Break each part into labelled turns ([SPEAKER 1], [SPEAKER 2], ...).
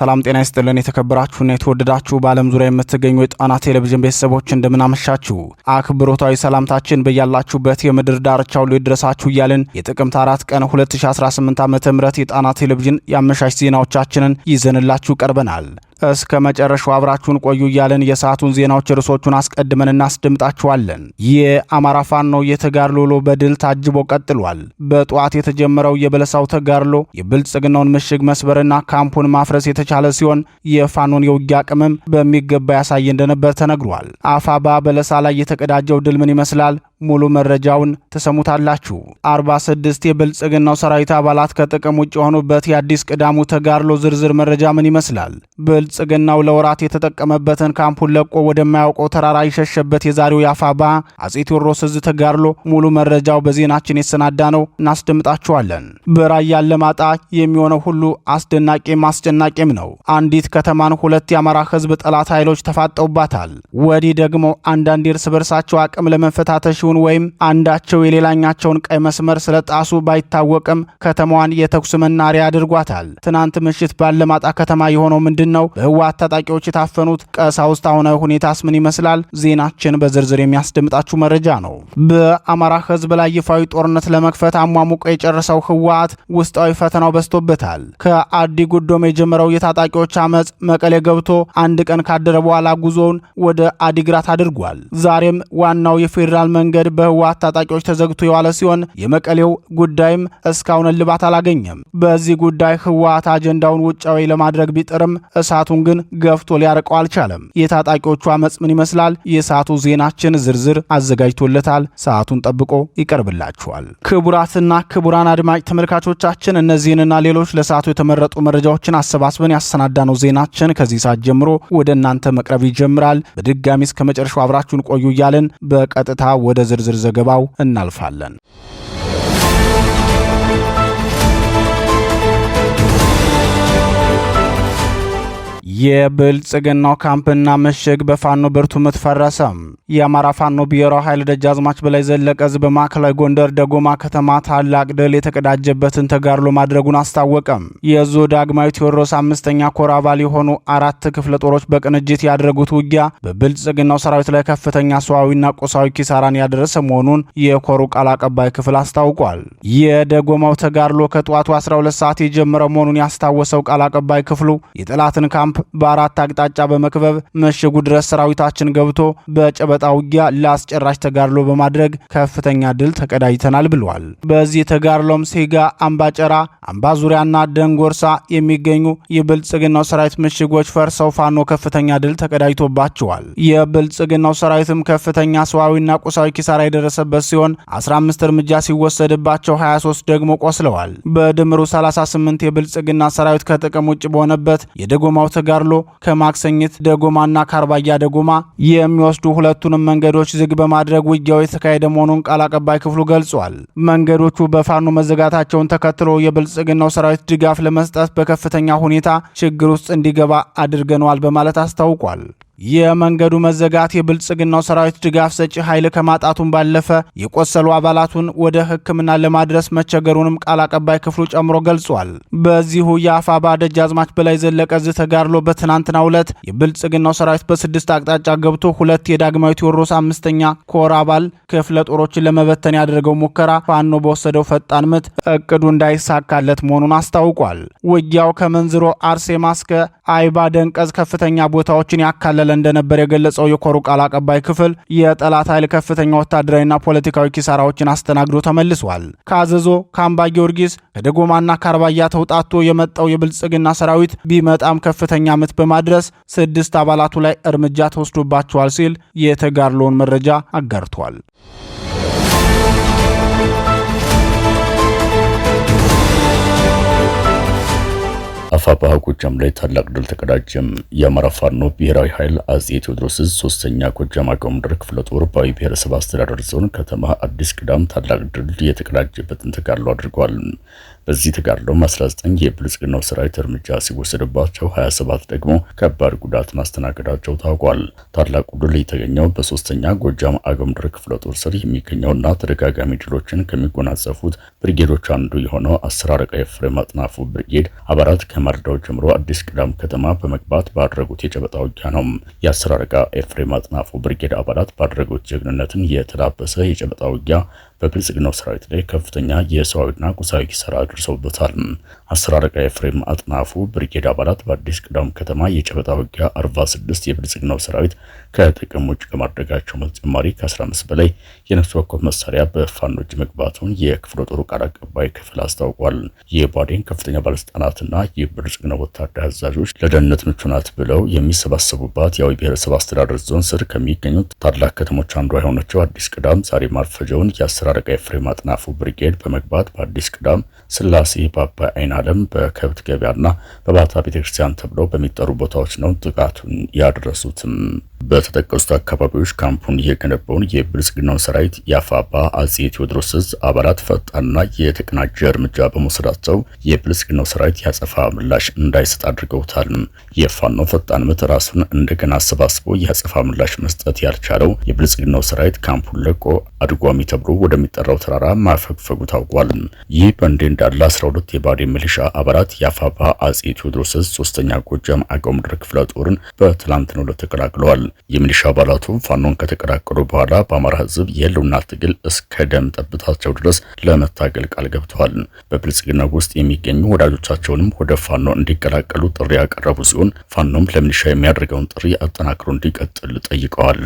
[SPEAKER 1] ሰላም ጤና ይስጥልን። የተከበራችሁና የተወደዳችሁ በዓለም ዙሪያ የምትገኙ የጣና ቴሌቪዥን ቤተሰቦች እንደምናመሻችሁ አክብሮታዊ ሰላምታችን በያላችሁበት የምድር ዳርቻ ሁሉ ይድረሳችሁ እያልን የጥቅምት አራት ቀን 2018 ዓ ም የጣና ቴሌቪዥን የአመሻሽ ዜናዎቻችንን ይዘንላችሁ ቀርበናል። እስከ መጨረሻው አብራችሁን ቆዩ እያለን የሰዓቱን ዜናዎች ርዕሶቹን አስቀድመን እናስደምጣችኋለን። የአማራ ፋኖ የተጋድሎ በድል ታጅቦ ቀጥሏል። በጠዋት የተጀመረው የበለሳው ተጋድሎ የብልጽግናውን ምሽግ መስበርና ካምፑን ማፍረስ የተቻለ ሲሆን የፋኖን የውጊያ አቅምም በሚገባ ያሳየ እንደነበር ተነግሯል። አፋባ በለሳ ላይ የተቀዳጀው ድል ምን ይመስላል? ሙሉ መረጃውን ትሰሙታላችሁ። 46 የብልጽግናው ሰራዊት አባላት ከጥቅም ውጭ የሆኑበት የአዲስ ቅዳሙ ተጋድሎ ዝርዝር መረጃ ምን ይመስላል? ብልጽግናው ለወራት የተጠቀመበትን ካምፑን ለቆ ወደማያውቀው ተራራ ይሸሸበት የዛሬው የአፋባ አጼ ቴዎድሮስ እዝ ተጋድሎ ሙሉ መረጃው በዜናችን የተሰናዳ ነው፣ እናስደምጣችኋለን። በራያ ዓላማጣ የሚሆነው ሁሉ አስደናቂም አስጨናቂም ነው። አንዲት ከተማን ሁለት የአማራ ህዝብ ጠላት ኃይሎች ተፋጠውባታል። ወዲህ ደግሞ አንዳንድ እርስ በርሳቸው አቅም ለመፈታተሽ ሁለቱን ወይም አንዳቸው የሌላኛቸውን ቀይ መስመር ስለጣሱ ባይታወቅም ከተማዋን የተኩስ መናሪያ አድርጓታል። ትናንት ምሽት ባለማጣ ከተማ የሆነው ምንድን ነው? በህወሓት ታጣቂዎች የታፈኑት ቀሳውስት አሁነ ሁኔታስ ምን ይመስላል? ዜናችን በዝርዝር የሚያስደምጣችሁ መረጃ ነው። በአማራ ህዝብ ላይ ይፋዊ ጦርነት ለመክፈት አሟሙቆ የጨረሰው ህወሓት ውስጣዊ ፈተናው በዝቶበታል። ከአዲ ጉዶም የጀመረው የታጣቂዎች አመፅ መቀሌ ገብቶ አንድ ቀን ካደረ በኋላ ጉዞውን ወደ አዲግራት አድርጓል። ዛሬም ዋናው የፌዴራል መንገድ መንገድ በህወሓት ታጣቂዎች ተዘግቶ የዋለ ሲሆን የመቀሌው ጉዳይም እስካሁን እልባት አላገኘም። በዚህ ጉዳይ ህወሓት አጀንዳውን ውጫዊ ለማድረግ ቢጥርም እሳቱን ግን ገፍቶ ሊያርቀው አልቻለም። የታጣቂዎቹ አመፅ ምን ይመስላል? የሰዓቱ ዜናችን ዝርዝር አዘጋጅቶለታል። ሰዓቱን ጠብቆ ይቀርብላችኋል። ክቡራትና ክቡራን አድማጭ ተመልካቾቻችን እነዚህንና ሌሎች ለሰዓቱ የተመረጡ መረጃዎችን አሰባስበን ያሰናዳነው ዜናችን ከዚህ ሰዓት ጀምሮ ወደ እናንተ መቅረብ ይጀምራል። በድጋሚ እስከ መጨረሻው አብራችሁን ቆዩ እያለን በቀጥታ ወደ ዝርዝር ዘገባው እናልፋለን። የብልጽግናው ካምፕና ምሽግ በፋኖ ብርቱ ምት ፈረሰ። የአማራ ፋኖ ብሔራዊ ኃይል ደጃዝማች በላይ ዘለቀ ህዝብ በማዕከላዊ ጎንደር ደጎማ ከተማ ታላቅ ድል የተቀዳጀበትን ተጋድሎ ማድረጉን አስታወቀም። የዞ ዳግማዊ ቴዎድሮስ አምስተኛ ኮር አባል የሆኑ አራት ክፍለ ጦሮች በቅንጅት ያደረጉት ውጊያ በብልጽግናው ሰራዊት ላይ ከፍተኛ ሰዋዊና ቁሳዊ ኪሳራን ያደረሰ መሆኑን የኮሩ ቃል አቀባይ ክፍል አስታውቋል። የደጎማው ተጋድሎ ከጠዋቱ 12 ሰዓት የጀመረ መሆኑን ያስታወሰው ቃል አቀባይ ክፍሉ የጠላትን ካምፕ በአራት አቅጣጫ በመክበብ ምሽጉ ድረስ ሰራዊታችን ገብቶ በጨበጣ ውጊያ ለአስጨራሽ ተጋድሎ በማድረግ ከፍተኛ ድል ተቀዳጅተናል ብለዋል። በዚህ ተጋድሎም ሴጋ፣ አምባጨራ፣ አምባ ዙሪያና ደንጎርሳ የሚገኙ የብልጽግናው ሰራዊት ምሽጎች ፈርሰው ፋኖ ከፍተኛ ድል ተቀዳጅቶባቸዋል። የብልጽግናው ሰራዊትም ከፍተኛ ሰዋዊና ቁሳዊ ኪሳራ የደረሰበት ሲሆን 15 እርምጃ ሲወሰድባቸው 23 ደግሞ ቆስለዋል። በድምሩ 38 የብልጽግና ሰራዊት ከጥቅም ውጭ በሆነበት የደጎማው ተጋ ተጋድሎ ከማክሰኝት ደጎማና ከአርባያ ደጎማ የሚወስዱ ሁለቱንም መንገዶች ዝግ በማድረግ ውጊያው የተካሄደ መሆኑን ቃል አቀባይ ክፍሉ ገልጿል። መንገዶቹ በፋኖ መዘጋታቸውን ተከትሎ የብልጽግናው ሰራዊት ድጋፍ ለመስጠት በከፍተኛ ሁኔታ ችግር ውስጥ እንዲገባ አድርገነዋል በማለት አስታውቋል። የመንገዱ መዘጋት የብልጽግናው ሰራዊት ድጋፍ ሰጪ ኃይል ከማጣቱን ባለፈ የቆሰሉ አባላቱን ወደ ሕክምና ለማድረስ መቸገሩንም ቃል አቀባይ ክፍሉ ጨምሮ ገልጿል። በዚሁ ባደጅ አዝማች በላይ ዘለቀ ዝ ተጋድሎ በትናንትናው ዕለት የብልጽግናው ሰራዊት በስድስት አቅጣጫ ገብቶ ሁለት የዳግማዊ ቴዎድሮስ አምስተኛ ኮር አባል ክፍለ ጦሮችን ለመበተን ያደረገው ሙከራ ፋኖ በወሰደው ፈጣን ምት እቅዱ እንዳይሳካለት መሆኑን አስታውቋል። ውጊያው ከመንዝሮ አርሴማ እስከ አይባ ደንቀዝ ከፍተኛ ቦታዎችን ያካለለ እንደነበር የገለጸው የኮሩ ቃል አቀባይ ክፍል የጠላት ኃይል ከፍተኛ ወታደራዊና ፖለቲካዊ ኪሳራዎችን አስተናግዶ ተመልሷል። ከአዘዞ፣ ከአምባ ጊዮርጊስ፣ ከደጎማና ከአርባያ ተውጣቶ የመጣው የብልጽግና ሰራዊት ቢመጣም ከፍተኛ ምት በማድረስ ስድስት አባላቱ ላይ እርምጃ ተወስዶባቸዋል ሲል የተጋድሎውን መረጃ አጋርቷል።
[SPEAKER 2] አፋብኃ ጎጃም ላይ ታላቅ ድል ተቀዳጀም። የአማራ ፋኖ ብሔራዊ ኃይል አጼ ቴዎድሮስ ሶስተኛ ጎጃም አገው ምድር ክፍለ ጦር በአዊ ብሔረሰብ አስተዳደር ዞን ከተማ አዲስ ቅዳም ታላቅ ድል የተቀዳጀበትን ተጋድሎ አድርጓል። በዚህ ተጋድሎም 19 የብልጽግናው ሰራዊት እርምጃ ሲወሰድባቸው 27 ደግሞ ከባድ ጉዳት ማስተናገዳቸው ታውቋል። ታላቁ ድል የተገኘው በሶስተኛ ጎጃም አገምድር ክፍለ ጦር ስር የሚገኘውና ተደጋጋሚ ድሎችን ከሚጎናጸፉት ብርጌዶች አንዱ የሆነው አስር አለቃ የፍሬ ማጥናፉ ብርጌድ አባላት ከማርዳው ጀምሮ አዲስ ቅዳም ከተማ በመግባት ባደረጉት የጨበጣ ውጊያ ነው። የአስር አለቃ ኤፍሬም አጥናፉ ብርጌድ አባላት ባደረጉት ጀግንነትን የተላበሰ የጨበጣ ውጊያ በብልጽግናው ሰራዊት ላይ ከፍተኛ የሰዋዊና ቁሳዊ ኪሳራ አድርሰውበታል። አስር አለቃ የፍሬም አጥናፉ ብርጌድ አባላት በአዲስ ቅዳም ከተማ የጨበጣ ውጊያ 46 የብልጽግናው ሰራዊት ከጥቅም ውጭ ከማድረጋቸው በተጨማሪ ከ15 በላይ የነፍስ ወከፍ መሳሪያ በፋኖች መግባቱን የክፍለ ጦሩ ቃል አቀባይ ክፍል አስታውቋል። የባዴን ከፍተኛ ባለስልጣናትና የብልጽግናው ወታደር አዛዦች ለደህንነት ምቹ ናት ብለው የሚሰባሰቡባት የአዊ ብሔረሰብ አስተዳደር ዞን ስር ከሚገኙት ታላቅ ከተሞች አንዷ የሆነችው አዲስ ቅዳም ዛሬ ማርፈጃውን የአስር አለቃ ኤፍሬም አጥናፉ ብሪጌድ በመግባት በአዲስ ቅዳም ስላሴ በአባይ አይን አለም በከብት ገበያና በባታ ቤተክርስቲያን ተብለው በሚጠሩ ቦታዎች ነው ጥቃቱን ያደረሱትም። በተጠቀሱት አካባቢዎች ካምፑን የገነባውን የብልጽግናውን ሰራዊት የአፋባ አጼ ቴዎድሮስ ዕዝ አባላት ፈጣንና የተቀናጀ እርምጃ በመውሰዳቸው የብልጽግናው ሰራዊት ያጸፋ ምላሽ እንዳይሰጥ አድርገውታል። የፋኖ ፈጣን ምት ራሱን እንደገና አሰባስቦ ያጸፋ ምላሽ መስጠት ያልቻለው የብልጽግናው ሰራዊት ካምፑን ለቆ አድጓሚ ተብሎ ወደ ወደሚጠራው ተራራ ማፈግፈጉ ታውቋል። ይህ በእንዲህ እንዳለ 12 የባዴ ሚሊሻ አባላት የአፋባ አጼ ቴዎድሮስ ሶስተኛ ጎጃም አገው ምድር ክፍለ ጦርን በትላንትናው ዕለት ተቀላቅለዋል። የሚሊሻ አባላቱ ፋኖን ከተቀላቀሉ በኋላ በአማራ ህዝብ የህልውና ትግል እስከ ደም ጠብታቸው ድረስ ለመታገል ቃል ገብተዋል። በብልጽግና ውስጥ የሚገኙ ወዳጆቻቸውንም ወደ ፋኖ እንዲቀላቀሉ ጥሪ ያቀረቡ ሲሆን ፋኖም ለሚሊሻ የሚያደርገውን ጥሪ አጠናክሮ እንዲቀጥል ጠይቀዋል።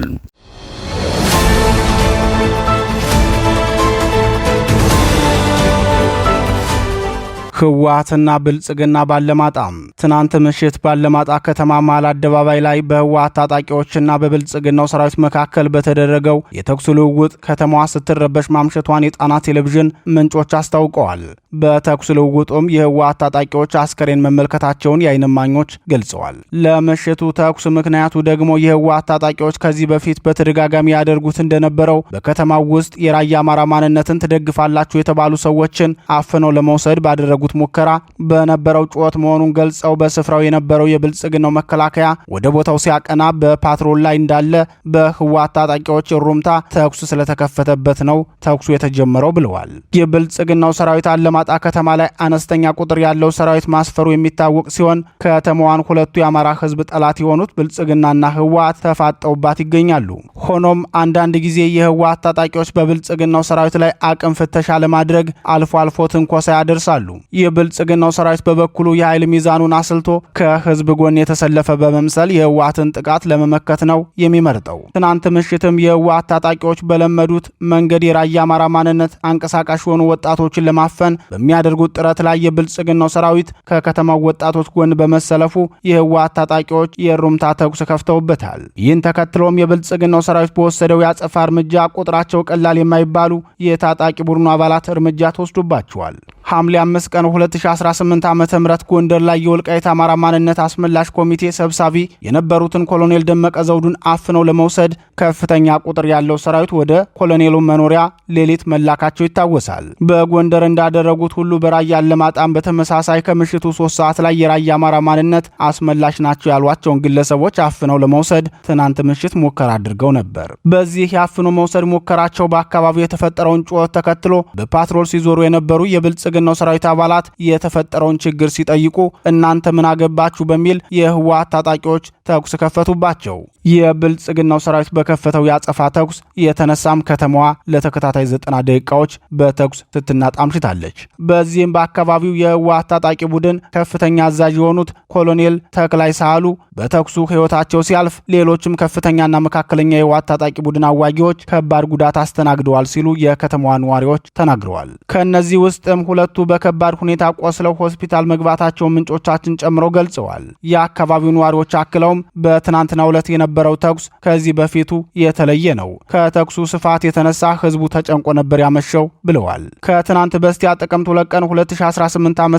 [SPEAKER 1] ህወሓትና ብልጽግና ባለማጣ ትናንት ምሽት ባለማጣ ከተማ መሃል አደባባይ ላይ በህወሓት ታጣቂዎችና በብልጽግናው ሰራዊት መካከል በተደረገው የተኩስ ልውውጥ ከተማዋ ስትረበሽ ማምሸቷን የጣና ቴሌቪዥን ምንጮች አስታውቀዋል። በተኩስ ልውውጡም የህወሓት ታጣቂዎች አስከሬን መመልከታቸውን የአይን እማኞች ገልጸዋል። ለምሽቱ ተኩስ ምክንያቱ ደግሞ የህወሓት ታጣቂዎች ከዚህ በፊት በተደጋጋሚ ያደርጉት እንደነበረው በከተማው ውስጥ የራያ አማራ ማንነትን ትደግፋላችሁ የተባሉ ሰዎችን አፍነው ለመውሰድ ባደረጉ ያደረጉት ሙከራ በነበረው ጩኸት መሆኑን ገልጸው በስፍራው የነበረው የብልጽግናው መከላከያ ወደ ቦታው ሲያቀና በፓትሮል ላይ እንዳለ በህወሓት ታጣቂዎች እሩምታ ተኩስ ስለተከፈተበት ነው ተኩሱ የተጀመረው ብለዋል። የብልጽግናው ሰራዊት አለማጣ ከተማ ላይ አነስተኛ ቁጥር ያለው ሰራዊት ማስፈሩ የሚታወቅ ሲሆን ከተማዋን ሁለቱ የአማራ ህዝብ ጠላት የሆኑት ብልጽግናና ህወሓት ተፋጠውባት ይገኛሉ። ሆኖም አንዳንድ ጊዜ የህወሓት ታጣቂዎች በብልጽግናው ሰራዊት ላይ አቅም ፍተሻ ለማድረግ አልፎ አልፎ ትንኮሳ ያደርሳሉ። የብልጽግናው ሰራዊት በበኩሉ የኃይል ሚዛኑን አስልቶ ከህዝብ ጎን የተሰለፈ በመምሰል የህወሓትን ጥቃት ለመመከት ነው የሚመርጠው። ትናንት ምሽትም የህወሓት ታጣቂዎች በለመዱት መንገድ የራያ አማራ ማንነት አንቀሳቃሽ የሆኑ ወጣቶችን ለማፈን በሚያደርጉት ጥረት ላይ የብልጽግናው ሰራዊት ከከተማው ወጣቶች ጎን በመሰለፉ የህወሓት ታጣቂዎች የሩምታ ተኩስ ከፍተውበታል። ይህን ተከትሎም የብልጽግናው ሰራዊት በወሰደው የአጸፋ እርምጃ ቁጥራቸው ቀላል የማይባሉ የታጣቂ ቡድኑ አባላት እርምጃ ተወስዶባቸዋል። ሐምሌ 5 ቀን 2018 ዓ.ም ጎንደር ላይ የወልቃይት አማራ ማንነት አስመላሽ ኮሚቴ ሰብሳቢ የነበሩትን ኮሎኔል ደመቀ ዘውዱን አፍነው ለመውሰድ ከፍተኛ ቁጥር ያለው ሰራዊት ወደ ኮሎኔሉ መኖሪያ ሌሊት መላካቸው ይታወሳል። በጎንደር እንዳደረጉት ሁሉ በራያ አላማጣም በተመሳሳይ ከምሽቱ ሶስት ሰዓት ላይ የራያ አማራ ማንነት አስመላሽ ናቸው ያሏቸውን ግለሰቦች አፍነው ለመውሰድ ትናንት ምሽት ሙከራ አድርገው ነበር። በዚህ የአፍኖ መውሰድ ሙከራቸው በአካባቢው የተፈጠረውን ጩኸት ተከትሎ በፓትሮል ሲዞሩ የነበሩ የብልጽ የብልጽግናው ሰራዊት አባላት የተፈጠረውን ችግር ሲጠይቁ እናንተ ምን አገባችሁ በሚል የህወሓት ታጣቂዎች ተኩስ ከፈቱባቸው። የብልጽግናው ሰራዊት በከፈተው የአጸፋ ተኩስ የተነሳም ከተማዋ ለተከታታይ ዘጠና ደቂቃዎች በተኩስ ስትናጥ አምሽታለች። በዚህም በአካባቢው የህወሓት ታጣቂ ቡድን ከፍተኛ አዛዥ የሆኑት ኮሎኔል ተክላይ ሳህሉ በተኩሱ ህይወታቸው ሲያልፍ፣ ሌሎችም ከፍተኛና መካከለኛ የህወሓት ታጣቂ ቡድን አዋጊዎች ከባድ ጉዳት አስተናግደዋል ሲሉ የከተማዋ ነዋሪዎች ተናግረዋል። ከእነዚህ ውስጥም ሁለቱ በከባድ ሁኔታ ቆስለው ሆስፒታል መግባታቸውን ምንጮቻችን ጨምረው ገልጸዋል። የአካባቢው ነዋሪዎች አክለው ሆኖም በትናንትናው ዕለት የነበረው ተኩስ ከዚህ በፊቱ የተለየ ነው። ከተኩሱ ስፋት የተነሳ ህዝቡ ተጨንቆ ነበር ያመሸው ብለዋል። ከትናንት በስቲያ ጥቅምት ሁለት ቀን 2018 ዓ ም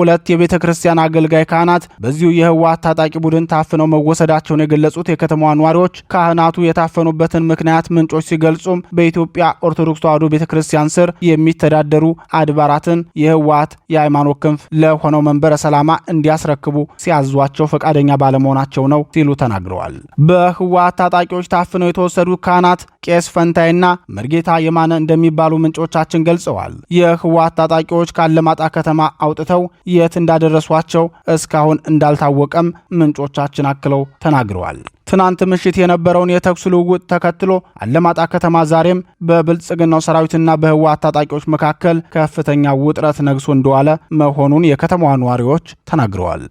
[SPEAKER 1] ሁለት የቤተ ክርስቲያን አገልጋይ ካህናት በዚሁ የህወሓት ታጣቂ ቡድን ታፍነው መወሰዳቸውን የገለጹት የከተማዋ ነዋሪዎች ካህናቱ የታፈኑበትን ምክንያት ምንጮች ሲገልጹም በኢትዮጵያ ኦርቶዶክስ ተዋሕዶ ቤተ ክርስቲያን ስር የሚተዳደሩ አድባራትን የህወሓት የሃይማኖት ክንፍ ለሆነው መንበረ ሰላማ እንዲያስረክቡ ሲያዟቸው ፈቃደኛ ባለመሆናቸው ነው ነው ሲሉ ተናግረዋል። በህወሓት ታጣቂዎች ታፍነው የተወሰዱ ካህናት ቄስ ፈንታይና መርጌታ የማነ እንደሚባሉ ምንጮቻችን ገልጸዋል። የህወሓት ታጣቂዎች ካለማጣ ከተማ አውጥተው የት እንዳደረሷቸው እስካሁን እንዳልታወቀም ምንጮቻችን አክለው ተናግረዋል። ትናንት ምሽት የነበረውን የተኩስ ልውውጥ ተከትሎ አለማጣ ከተማ ዛሬም በብልጽግናው ሰራዊትና በህወሓት ታጣቂዎች መካከል ከፍተኛ ውጥረት ነግሶ እንደዋለ መሆኑን የከተማዋ ነዋሪዎች ተናግረዋል።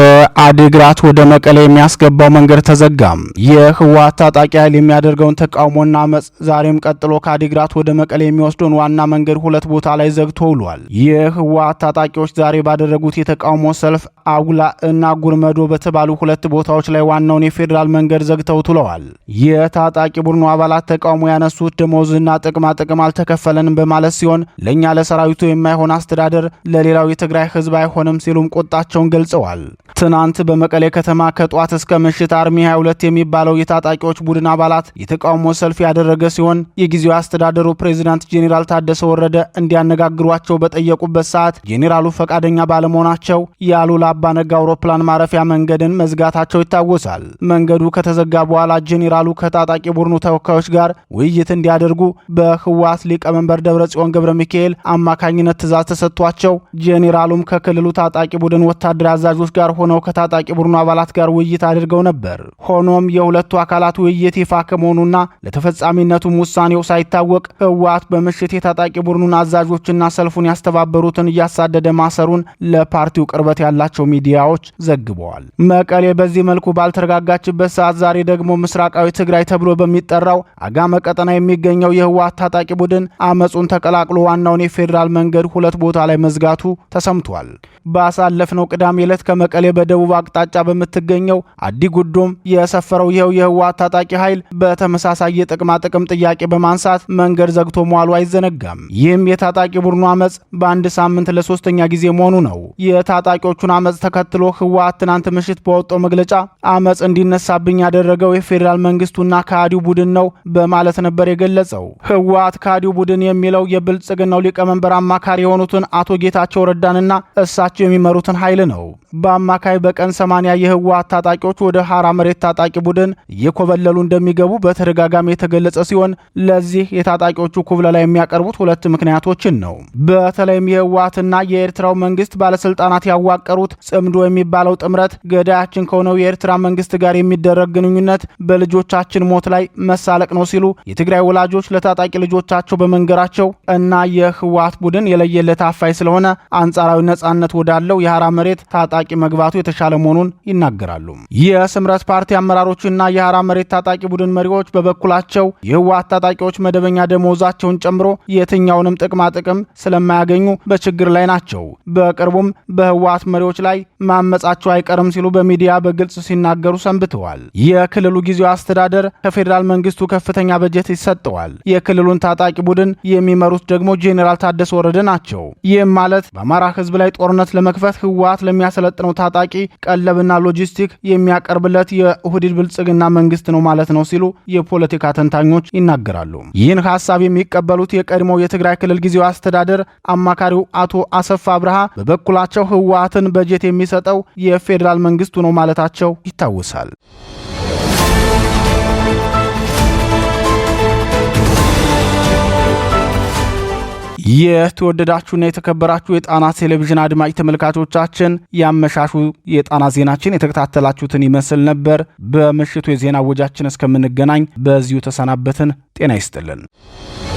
[SPEAKER 1] ከአዲግራት ወደ መቀሌ የሚያስገባው መንገድ ተዘጋም። የህወሓት ታጣቂ ኃይል የሚያደርገውን ተቃውሞና አመፅ ዛሬም ቀጥሎ ከአዲግራት ወደ መቀሌ የሚወስደውን ዋና መንገድ ሁለት ቦታ ላይ ዘግቶ ውሏል። የህወሓት ታጣቂዎች ዛሬ ባደረጉት የተቃውሞ ሰልፍ አጉላ እና ጉርመዶ በተባሉ ሁለት ቦታዎች ላይ ዋናውን የፌዴራል መንገድ ዘግተው ትለዋል። የታጣቂ ቡድኑ አባላት ተቃውሞ ያነሱት ደሞዝና ጥቅማ ጥቅም አልተከፈለንም በማለት ሲሆን ለእኛ ለሰራዊቱ የማይሆን አስተዳደር ለሌላው የትግራይ ህዝብ አይሆንም ሲሉም ቁጣቸውን ገልጸዋል። ትናንት በመቀሌ ከተማ ከጧት እስከ ምሽት አርሚ 22 የሚባለው የታጣቂዎች ቡድን አባላት የተቃውሞ ሰልፍ ያደረገ ሲሆን የጊዜው አስተዳደሩ ፕሬዚዳንት ጄኔራል ታደሰ ወረደ እንዲያነጋግሯቸው በጠየቁበት ሰዓት ጄኔራሉ ፈቃደኛ ባለመሆናቸው የአሉላ አባነጋ አውሮፕላን ማረፊያ መንገድን መዝጋታቸው ይታወሳል። መንገዱ ከተዘጋ በኋላ ጄኔራሉ ከታጣቂ ቡድኑ ተወካዮች ጋር ውይይት እንዲያደርጉ በህወሓት ሊቀመንበር ደብረጽዮን ገብረ ሚካኤል አማካኝነት ትእዛዝ ተሰጥቷቸው ጄኔራሉም ከክልሉ ታጣቂ ቡድን ወታደራዊ አዛዦች ጋር ሆነው ከታጣቂ ቡድኑ አባላት ጋር ውይይት አድርገው ነበር። ሆኖም የሁለቱ አካላት ውይይት ይፋ ከመሆኑና ለተፈጻሚነቱም ውሳኔው ሳይታወቅ ህወሓት በምሽት የታጣቂ ቡድኑን አዛዦችና ሰልፉን ያስተባበሩትን እያሳደደ ማሰሩን ለፓርቲው ቅርበት ያላቸው ሚዲያዎች ዘግበዋል። መቀሌ በዚህ መልኩ ባልተረጋጋችበት ሰዓት ዛሬ ደግሞ ምስራቃዊ ትግራይ ተብሎ በሚጠራው አጋመ ቀጠና የሚገኘው የህወሓት ታጣቂ ቡድን አመፁን ተቀላቅሎ ዋናውን የፌዴራል መንገድ ሁለት ቦታ ላይ መዝጋቱ ተሰምቷል። ባሳለፍነው ቅዳሜ ዕለት ከመቀሌ በደቡብ አቅጣጫ በምትገኘው አዲ ጉዶም የሰፈረው ይኸው የህወሓት ታጣቂ ኃይል በተመሳሳይ የጥቅማ ጥቅም ጥያቄ በማንሳት መንገድ ዘግቶ መዋሉ አይዘነጋም። ይህም የታጣቂ ቡድኑ አመፅ በአንድ ሳምንት ለሶስተኛ ጊዜ መሆኑ ነው። የታጣቂዎቹን አመፅ ተከትሎ ህወሓት ትናንት ምሽት በወጣው መግለጫ አመፅ እንዲነሳብኝ ያደረገው የፌዴራል መንግስቱና ከሃዲው ቡድን ነው በማለት ነበር የገለጸው። ህወሓት ከሃዲው ቡድን የሚለው የብልጽግናው ሊቀመንበር አማካሪ የሆኑትን አቶ ጌታቸው ረዳንና እሳቸው የሚመሩትን ኃይል ነው። በአማካይ በቀን 80 የህወሓት ታጣቂዎች ወደ ሀራ መሬት ታጣቂ ቡድን እየኮበለሉ እንደሚገቡ በተደጋጋሚ የተገለጸ ሲሆን ለዚህ የታጣቂዎቹ ኩብለላ የሚያቀርቡት ሁለት ምክንያቶችን ነው። በተለይም የህወሓትና የኤርትራው መንግስት ባለስልጣናት ያዋቀሩት ጽምዶ የሚባለው ጥምረት ገዳያችን ከሆነው የኤርትራ መንግስት ጋር የሚደረግ ግንኙነት በልጆቻችን ሞት ላይ መሳለቅ ነው ሲሉ የትግራይ ወላጆች ለታጣቂ ልጆቻቸው በመንገራቸው እና የህወሓት ቡድን የለየለት አፋይ ስለሆነ አንጻራዊ ነጻነት ወዳለው የሀራ መሬት ታጣ ታጣቂ መግባቱ የተሻለ መሆኑን ይናገራሉ። የስምረት ፓርቲ አመራሮችና የሐራ መሬት ታጣቂ ቡድን መሪዎች በበኩላቸው የህወሓት ታጣቂዎች መደበኛ ደመወዛቸውን ጨምሮ የትኛውንም ጥቅማ ጥቅም ስለማያገኙ በችግር ላይ ናቸው፣ በቅርቡም በህወሓት መሪዎች ላይ ማመጻቸው አይቀርም ሲሉ በሚዲያ በግልጽ ሲናገሩ ሰንብተዋል። የክልሉ ጊዜያዊ አስተዳደር ከፌዴራል መንግስቱ ከፍተኛ በጀት ይሰጠዋል። የክልሉን ታጣቂ ቡድን የሚመሩት ደግሞ ጄኔራል ታደሰ ወረደ ናቸው። ይህም ማለት በአማራ ህዝብ ላይ ጦርነት ለመክፈት ህወሓት ለሚያሰለ ለሚሰለጥነው ታጣቂ ቀለብና ሎጂስቲክ የሚያቀርብለት የሁዲድ ብልጽግና መንግስት ነው ማለት ነው ሲሉ የፖለቲካ ተንታኞች ይናገራሉ። ይህን ሀሳብ የሚቀበሉት የቀድሞው የትግራይ ክልል ጊዜው አስተዳደር አማካሪው አቶ አሰፋ አብርሃ በበኩላቸው ህወሓትን በጀት የሚሰጠው የፌዴራል መንግስቱ ነው ማለታቸው ይታወሳል። እና የተከበራችሁ የጣና ቴሌቪዥን አድማጭ ተመልካቾቻችን ያመሻሹ የጣና ዜናችን የተከታተላችሁትን ይመስል ነበር። በምሽቱ የዜና ወጃችን እስከምንገናኝ በዚሁ ተሰናበትን። ጤና ይስጥልን።